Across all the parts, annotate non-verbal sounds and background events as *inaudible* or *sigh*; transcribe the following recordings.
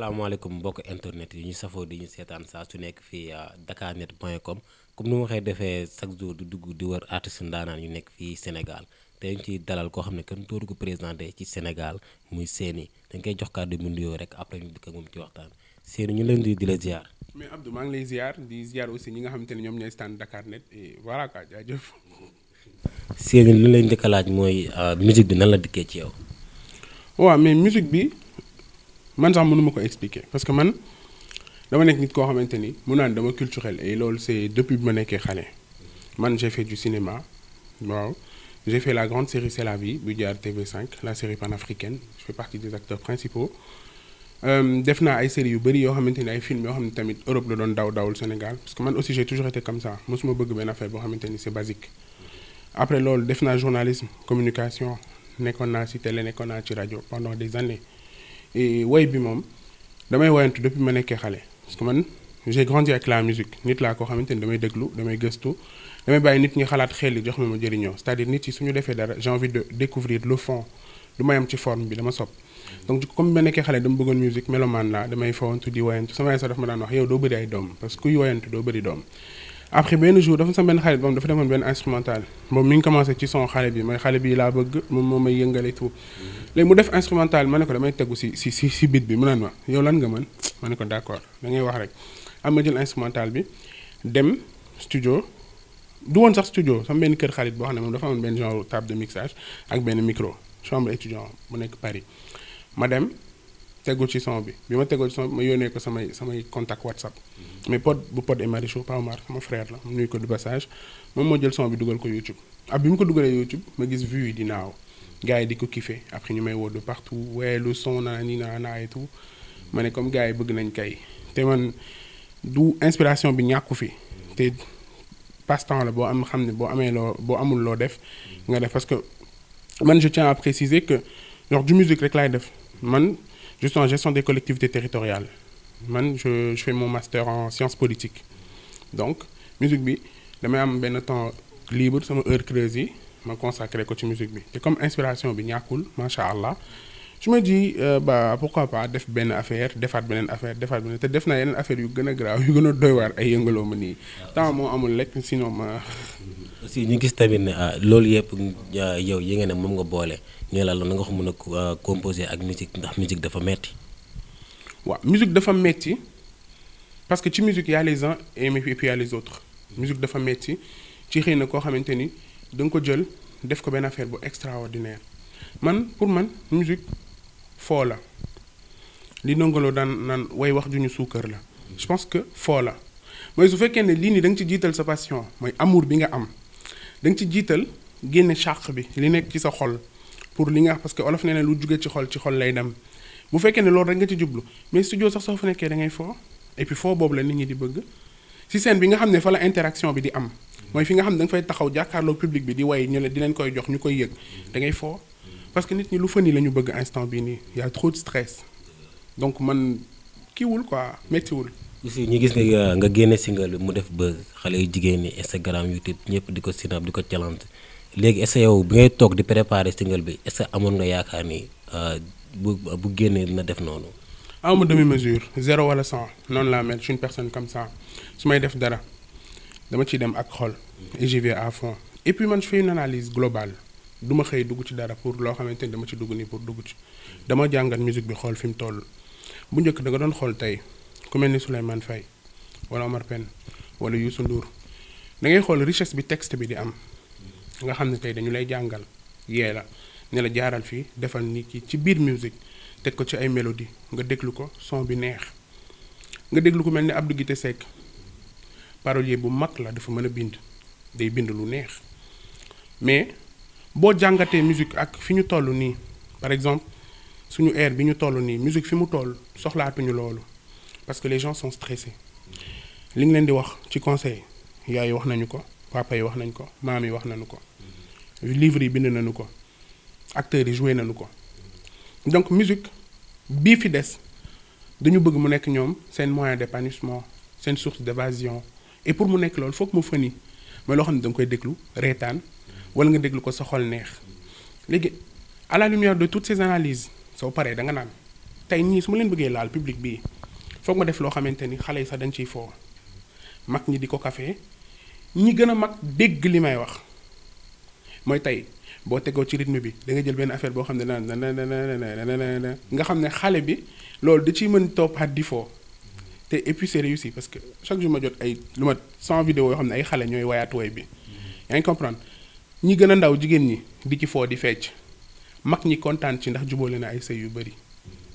asalaamaaleykum mbokk internet yi ñu safoo di ñu seetaan saa su nekk fii euh, dakarnet point com comme ni ma waxee defee chaque jour du dugg di wër artiste ndaanaan yu nekk fii Sénégal te ñu ciy dalal koo xam ne kenn dootu ko présenté ci Sénégal muy Séni dañ koy jox kàddu mu nuyoo rek après ñu dikk ak moom ci waxtaan Séni ñu leen di di la ziar. mais Abdou maa ngi lay ziar di ziar ne ñoom ñooy stand Dakarnet et voilà Séni li ñu lay laaj mooy euh, musique bi nan la dikkee ci yow. waaw mais musique bi. man sax mënu ma ko expliquer parce que man dama nekk nit koo xamante ni mun naa dama culturel et loolu c'est depuis bu ma nekkee xale man j'ai fait du cinéma waaw j'ai la grande série C'est la vie bu jaar TV5 la série panafricaine je fais partie des acteurs principaux euh, def naa ay séries yu bëri yoo xamante ni ay films yoo xam ne tamit Europe la doon daw dawul Sénégal parce que man aussi j'ai toujours été comme ça mosuma bëgg benn affaire boo xamante ni c'est après loolu def naa journalisme communication nekkoon naa ci télé nekkoon naa ci rajo pendant des années woy bi moom damay woyantu depuis ma nekkee xale parce que man j'ai grandi avec la musique nit laa koo xamante ni damay déglu damay gëstu damay bàyyi nit ñi xalaat xel yi jox ma ma jëriñoo c'est-à-dire nit yi suñu defee dara j'ai envie de découvrir le fond lu may ci forme bi dama sopp donc comme ma nekkee xale dama bëggoon musique mélomane laa damay fawantu di woyantu sama yaay daf ma daan wax yow doo bëri ay doom parce que kuy woyantu doo bëri doom après benn jour dafa sama benn xarit moom dafa demoon benn instrumental moom mi ngi commencé ci son xale bi mooy xale bi laa bëgg moom moo may yëngale tout mhm. léegi mu def instrumental ma ne ko damay tegu si si si si bit bi mu naan ma yow lan nga mën ma ne ko d' accord da ngay wax rek am ma jël instrumental bi dem studio du woon sax studio sama benn kër xarit boo xam ne moom dafa amoon benn genre table de mixage ak benn micro chambre étudiant bu nekk Paris ma dem. tegul ci son bi bi ma tegul ci son bi ma yónnee ko samay samay contact whatsapp mm-hmm. mais pod bu pod et Marichou Pa Omar sama frère la ma nuyu ko du passage moom moo jël son bi dugal ko YouTube ab ah, bi mu ko dugalee YouTube ma gis vue yi di naaw gars yi di ko kiffé après ñu may woo de partout waaye lu son naa ni naa naa et tout mm-hmm. ma ne comme gars yi bëgg nañ kay te man du inspiration bi ñàkku fi mm-hmm. te passe la boo am xam ne boo amee loo boo amul loo def nga def parce que man je tiens à rek laay def man. juste en gestion des collectivités territoriales man je je fais mon master en sciences politiques donc musique bi damay am benn temps libre sama heure creuse yi ma consacré ko ci musique bi te comme inspiration bi ñàkkul macha allah je me ba euh, bah pourquoi pas def benn affaire defaat beneen affaire defaat te def naa yeneen affaire yu gën a graaw yu gën a doy waar ay yëngaloo ma nii ah, temps moo amul lekk sinon ma. *laughs* si ñu gis tamit ne ah, loolu yëpp ah, yow yi nga ne moom nga boole ñu la na nga ko mën a composer ak musique ndax musique dafa metti waaw musique dafa metti parce que ci musique y a les uns dafa metti ci xëy na koo xamante ni da nga ko jël def ko benn affaire bu extraordinaire man pour man musique foo la li nangaloo daan naan way wax ju ñu suukar la je pense que foo la mooy su fekkee ne lii nii da ci jiital sa passion mooy amour bi nga am da nga ci jiital génne chàq bi li nekk ci sa xol pour li nga parce que olof nee na lu jóge ci xol ci xol lay dem bu fekkee ne loolu rek nga ci jublu mais studio sax soo fa nekkee da ngay foo et puis foo boobu la nit ñi di bëgg si seen bi nga xam ne fa la interaction bi di am mooy fi nga xam ne da nga fay taxaw jàkkaarloog public bi di way ñu ne di leen koy jox ñu koy yëg da ngay foo parce que nit ñi lu fa nii la bëgg instant bi nii y' a trop de stress donc man kiiwul quoi méttiwul. aussi ñu gis ne euh, nga génne single mu def buzz xale yu jigéen ñi Instagram YouTube ñëpp di ko sinab di ko challenge léegi est-ce que yow bi ngay toog di préparer single bi est-ce amoon nga yaakaar ni euh, bu bu génnee dina def noonu. awma demi mesure zéro wala cent noonu laa mel je suis une personne comme ça su may def dara dama ci dem ak xol et à fonds et puis man je fais une duma xëy dugg ci dara pour loo xamante ni dama ci dugg nii pour dugg ci dama jàngat musique bi xool fi mu toll bu njëkk da doon xool tey ku mel ni Souleymane Faye wala Omar Pène wala Youssou Ndour da ngay xool richesse bi texte bi di am nga xam ne tey dañu lay jàngal yee la ne la jaaral fii defal ni kii ci biir musique teg ko ci ay mélodie nga déglu ko son bi neex nga déglu ko mel ni Abdou Guité Seck parolier bu mag la dafa mën a bind day bind lu neex mais boo jàngatee musique ak fi ñu toll nii par exemple suñu air bi ñu toll nii musique fi mu toll soxlaatuñu loolu parce que les gens sont stressés li ngi leen di wax ci conseil yaay wax nañu ko papa yi wax nañ ko maam yi wax nañu ko livre yi bind nañu ko acteurs yi joué nañu ko donc musique bii fi des dañu bëgg mu nekk ñoom seen moyen d'épanouissement seen source d'évasion et pour mu nekk loolu foog mu fëni mais loo xam ne da nga koy déglu reetaan wala nga déglu ko sa xol neex léegi à la lumière de toutes ces analyses soo paree da nga naan tey nii su ma leen bëggee laal public bii foog ma def loo xamante ni xale yi sax dañ ciy foo mag ñi di ko kafe ñi gën a mag dégg li may wax mooy tey boo tegoo ci rythme bi da nga jël benn affaire boo xam ne naan na nga xam ne xale bi loolu da ciy mën toppaat di foo te et puis réussi parce que chaque jour ma jot ay lu ma 100 vidéo yoo xam ay xale ñooy wayaat bi yaa ñi gën a ndaw jigéen ñi di ci foo di fecc mag ñi kontaan ci ndax jubóole na ay sëy yu bëri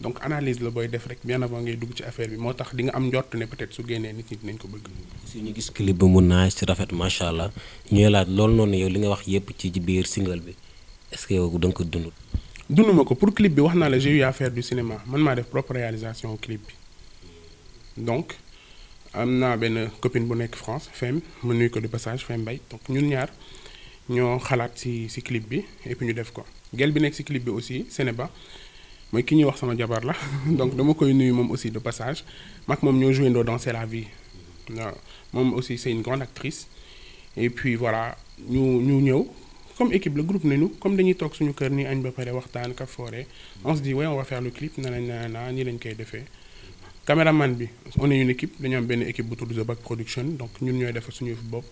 donc analyse la booy def rek bien avant ngay dugg ci affaire bi moo tax di nga am njort ne peut-être su génnee nit ñi dinañ ko bëgg. su ñu gis clip bi mu naaj si rafet macha allah ñuy laaj loolu noonu yow li nga wax yépp ci biir singal bi est-ce que yow da nga ko dund. dund ma ko pour clip bi wax naa la j'ai eu affaire du cinéma man maa def propre réalisation clip bi donc am naa benn copine bu nekk France Femme ma nuyu ko du passage Femme Mbaye donc ñun ñaar. ñoo xalaat ci ci clip bi et ñu def ko gel bi nekk ci clip bi aussi Sénéba mooy ki ñuy wax sama jabar la *laughs* donc dama koy nuyu moom aussi de passage maak moom ñoo joué ndoo dans C'est la vie waaw moom aussi c'est une grande actrice et voilà ñu ñu ñëw comme équipe la groupe nañu comme dañuy toog suñu kër nii añ ba pare waxtaan ka foore on se dit ouais on le clip na lañ na na nii lañ koy defee caméraman bi on est une équipe dañu am benn équipe bu tudd The Back Production donc ñun ñooy defar suñu bopp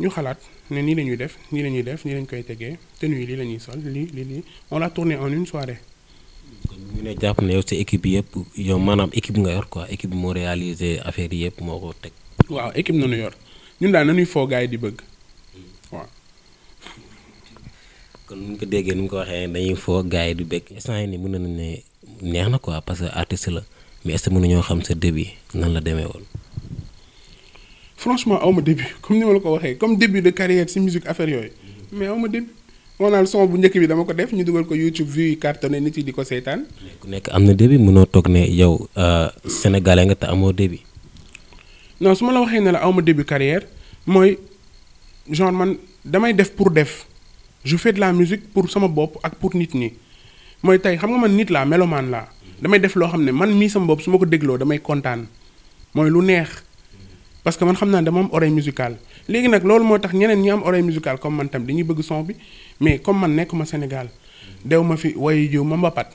ñu xalaat ne nii la ñuy def nii la ñuy def nii lañ koy tegee te yi lii la ñuy sol lii lii lii on l'a tourné en une soirée. kon ne jàpp ne yow sa équipe bi yëpp yow maanaam équipe nga yor quoi équipe moo réalisé affaire yi moo ko teg. waaw équipe nanu yor ñun daal nañuy foo gars yi di bëgg hmm. waaw. kon nu ko déggee ni mu ko waxee dañuy foo yi di bëgg instant yii nii mun na ne neex na ko parce que artiste la mais est-ce que mën xam sa début nan la demee woon. franchement aw ma début comme ni la ko waxee comme début de carrière ci musique affaire yooyu mais aw ma début moo naan bu njëkk bi dama ko def ñu dugal ko YouTube view yi cartonné nit yi di ko seetaan. ku nekk am na début mënoo toog ne yow euh, sénégalais nga te amoo début. non su ma la waxee ne la aw ma début carrière mooy genre man damay def pour def je fais de la musique pour sama bopp ak pour nit ñi mooy tey xam nga man nit laa melomaan laa damay def loo xam ne man mii sama bopp su ma ko dégloo damay kontaan mooy lu neex. parce que man xam naa dama am oreille musicale léegi nag loolu moo tax ñeneen ñi am oreille musicale comme man tam dañuy bëgg son bi mais comme man nekkuma Sénégal dew ma fi wayu jiw ma mbapat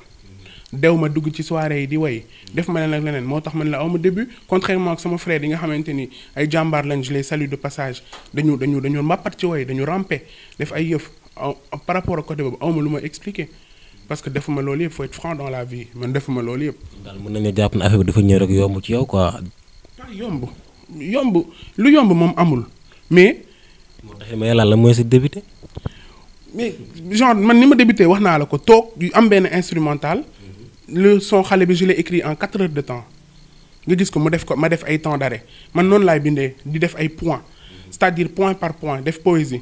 dew ma dugg ci soirée yi di way def ma leen ak leneen moo tax man la aw ma début contrairement ak sama frère yi nga xamante ni ay jàmbaar lañ je les salue de passage dañu dañu dañu mbapat ci way dañu ramper def ay yëf par rapport ak côté boobu awma lu ma expliquer parce que defuma loolu yëpp faut être franc la vie man defuma loolu yëpp. daal mën nañu jàpp ne dafa ñëw rek yomb ci yow quoi. yomb. yomb lu yomb moom amul mais. moo taxit ma yàlla la mooy sa débuté. mais genre man ni ma débuté wax naa la ko toog yu am benn instrumental. le son xale bi je l'ai écrit en quatre heures de temps nga gis ko mu def ko ma def ay temps d'arrêt man noonu laay bindee di def ay point c'est-à-dire point par point def poésie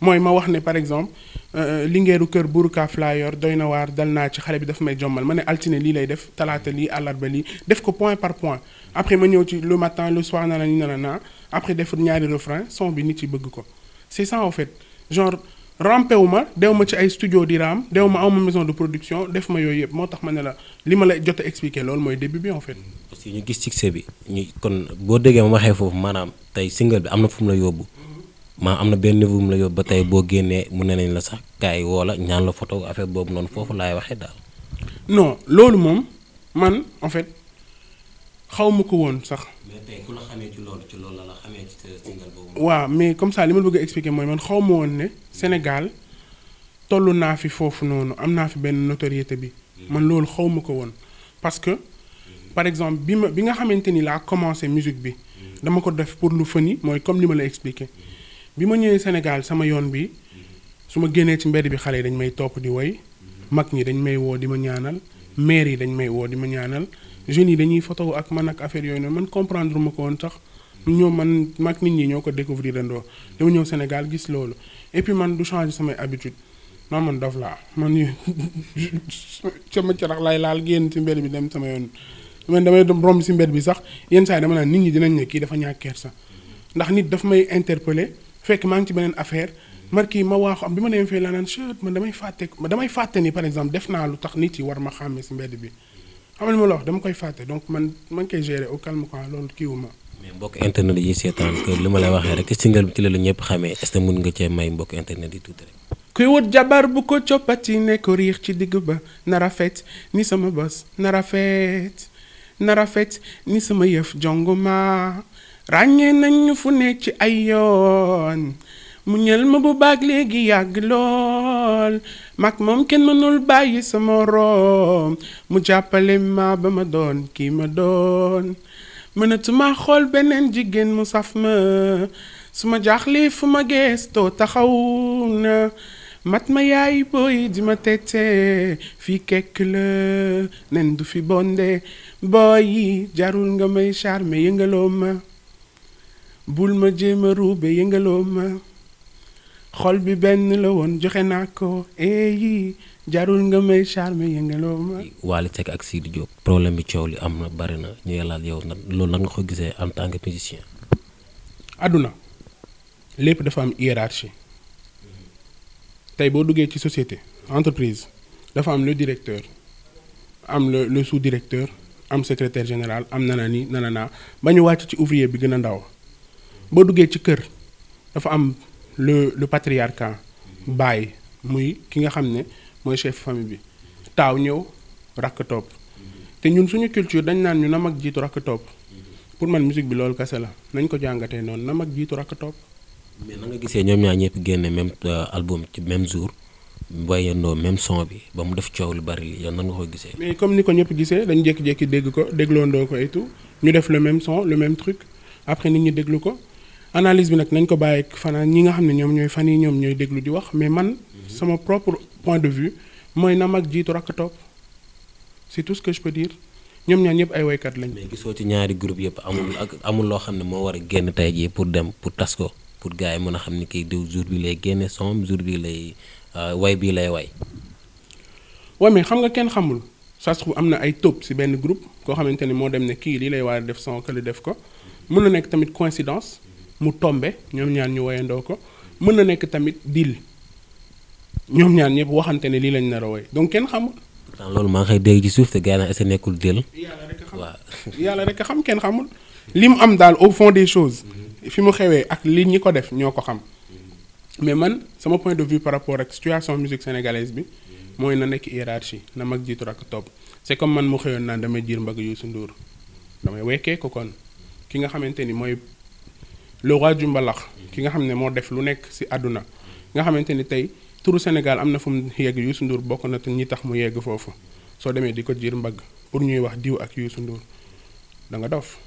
mooy ma wax ne par exemple. Euh, lingeeru kër burukaaf laa yor doy na waar dal naa ci xale bi dafa may jommal ma ne altine lii lay def talaata lii àllarba lii def ko point par point après ma ñëw ci le matin le soir na la ñu na naa après def ñaari refrain son bi nit yi bëgg ko c'est ça en fait genre rampe wu ma dew ma ci ay studio di raam dew ma aw ma maison de production def ma yooyu yëpp moo tax ma ne la li ma la jot a expliqué loolu mooy début bi en fait. parce ñu gis succès bi ñu kon boo déggee ma waxee foofu maanaam tey single bi am na fu la yóbbu. maa am na benn niveau la yóbbu ba tey boo génnee mu ne nañ la sax kaay woo la ñaan la foto affaire boobu noonu foofu laay waxee daal. non loolu moom man en fait xaw ma ko woon sax. mais tey ci loolu la la waaw mais comme ça li ma bëgg expliquer mooy man xaw ma woon ne Sénégal toll naa fi foofu noonu am naa fi benn notoriété bi. Mm-hmm. man loolu xaw ma ko woon parce que. Mm-hmm. par exemple bi ma bi nga xamante ni laa commencé musique bi. Mm-hmm. dama ko def pour lu fëni mooy comme li ma la expliqué. bi ma ñëwee Sénégal sama yoon bi su ma génnee ci mber bi xale yi dañ may topp di woy mag ñi dañ may woo di ma ñaanal maire yi dañ may woo di ma ñaanal jeunes yi dañuy photo ak man affaire yooyu noonu man comprendre ma ko woon sax ñoom man mag nit ñi ñoo ko découvrir andoo dama ñëw Sénégal gis loolu et man du changer samay habitude non man dof laa man *laughs* sama carax laay laal génn ci mbedd bi dem sama yoon man damay romb ci mber bi sax yenn saa yi dama naan nit ñi dinañ ne kii dafa ñàkk kersa ndax nit dafa may interpeller fekk maa ngi ci beneen affaire mar kii ma waaxu am bi ma demee fee laa naan chet man damay fàtte damay fàtte ni par exemple def naa lu tax nit yi war ma xàmmee si mbedd bi xam nga ma la wax dama koy fàtte donc man ma koy gérer au calme quoi loolu kii wu ma. mbokk internet yi seetaan que li ma lay waxee rek single bi la lu ñëpp xamee est mun nga cee may mbokk internet yi tuuti rek. kuy wut jabar bu ko coppati ne ko riix ci digg ba na rafet ni sama bos na rafet na rafet ni sama yëf jongoma ràññee nañ ñu fu nekk ci ay yoon mu ñël ma bu baag léegi yàgg lool mag moom kenn mënul bàyyi sama room mu jàppale ma ba ma doon kii ma doon mënatuma xool beneen jigéen mu saf ma su ma jaaxlee fu ma gëstoo taxawu na mat ma yaay booy di ma tete fii kekk la nen du fi bonde booy yi jarul nga may charme yëngaloo ma bul ma jéem a ruube yëngaloo ma xol bi benn la woon joxe naa ko eyi jarul nga may charme yëngaloo ma. Wally Seck ak di Diop. problème bi coow li am na bari na ñu yow nag loolu nan nga ko gisee en tant que musicien. àdduna lépp dafa am hiérarchie tey boo duggee ci société entreprise dafa am le directeur am le le sous-directeur am secretaire général am nanani naa ba ñu wàcc ci ouvrier bi gën a ndaw. boo duggee ci kër dafa am le le patriarcat baay muy ki nga xam ne mooy chef famille bi taaw ñëw rakk topp te ñun suñu culture dañ naan ñu na mag jiitu rakk topp pour man musique bi loolu kese la nañ ko jàngatee noonu na mag jiitu rakk topp. mais na nga gisee ñoom ñaar ñëpp génne même euh, album ci même jour. bàyyandoo même son bi ba mu def coow lu bari li yow nan nga ko gisee. mais comme ni ko ñëpp gisee dañ jékki-jékki dégg ko dégloondoo ko et tout ñu def le même son le même truc après nit ñi déglu ko. analyse bi nag nañ ko bàyyi fanaan ñi nga xam ne ñoom ñooy fan yi ñoom ñooy déglu di wax mais man mhm. sama propre point de vue mooy na mag jiitu rakk topp c'est tout ce que je peux ñoom ñaan ñëpp ay waykat lañ. mais gisoo ci ñaari groupe yëpp amul ak amul loo xam ne moo war a génn tey jii pour dem pour tas ko pour gars yi mën a xam ni kii diw jours bi lay génne som jour bi lay euh, way bii lay way. waaw mais xam nga kenn xamul ça se am na ay top ci benn groupe koo xamante ni moo dem ne kii lii lay war a def son def ko mën na nekk tamit coïncidence. mu tombe ñoom ñaan ñu woyandoo ko mën na nekk tamit deal ñoom ñaan ñëpp waxante ne lii lañ nar a donc kenn xamul. pourtant maa ngi xëy dégg ci nekkul deal. yàlla yàlla rek xam kenn xamul. li mu am daal au fond des choses. fi mu xewee ak li ñi ko def ñoo ko xam. mais man sama point de vue par rapport ak situation musique sénégalaise bi mooy na nekk hiérarchie na mag jiitu ak topp c'est comme man mu xëyoon naa damay jiir mbagg Youssou Ndour damay wekkee kon ki nga xamante ni mooy le ju mbalax ki nga xam ne moo def lu nekk si àdduna nga xamante ni tey turu Sénégal am na fu mu yegg Youssou Ndour bokk na te ñi tax mu yegg foofu soo demee di ko jiir mbagg pour ñuy wax diw ak Youssou nduur da nga dof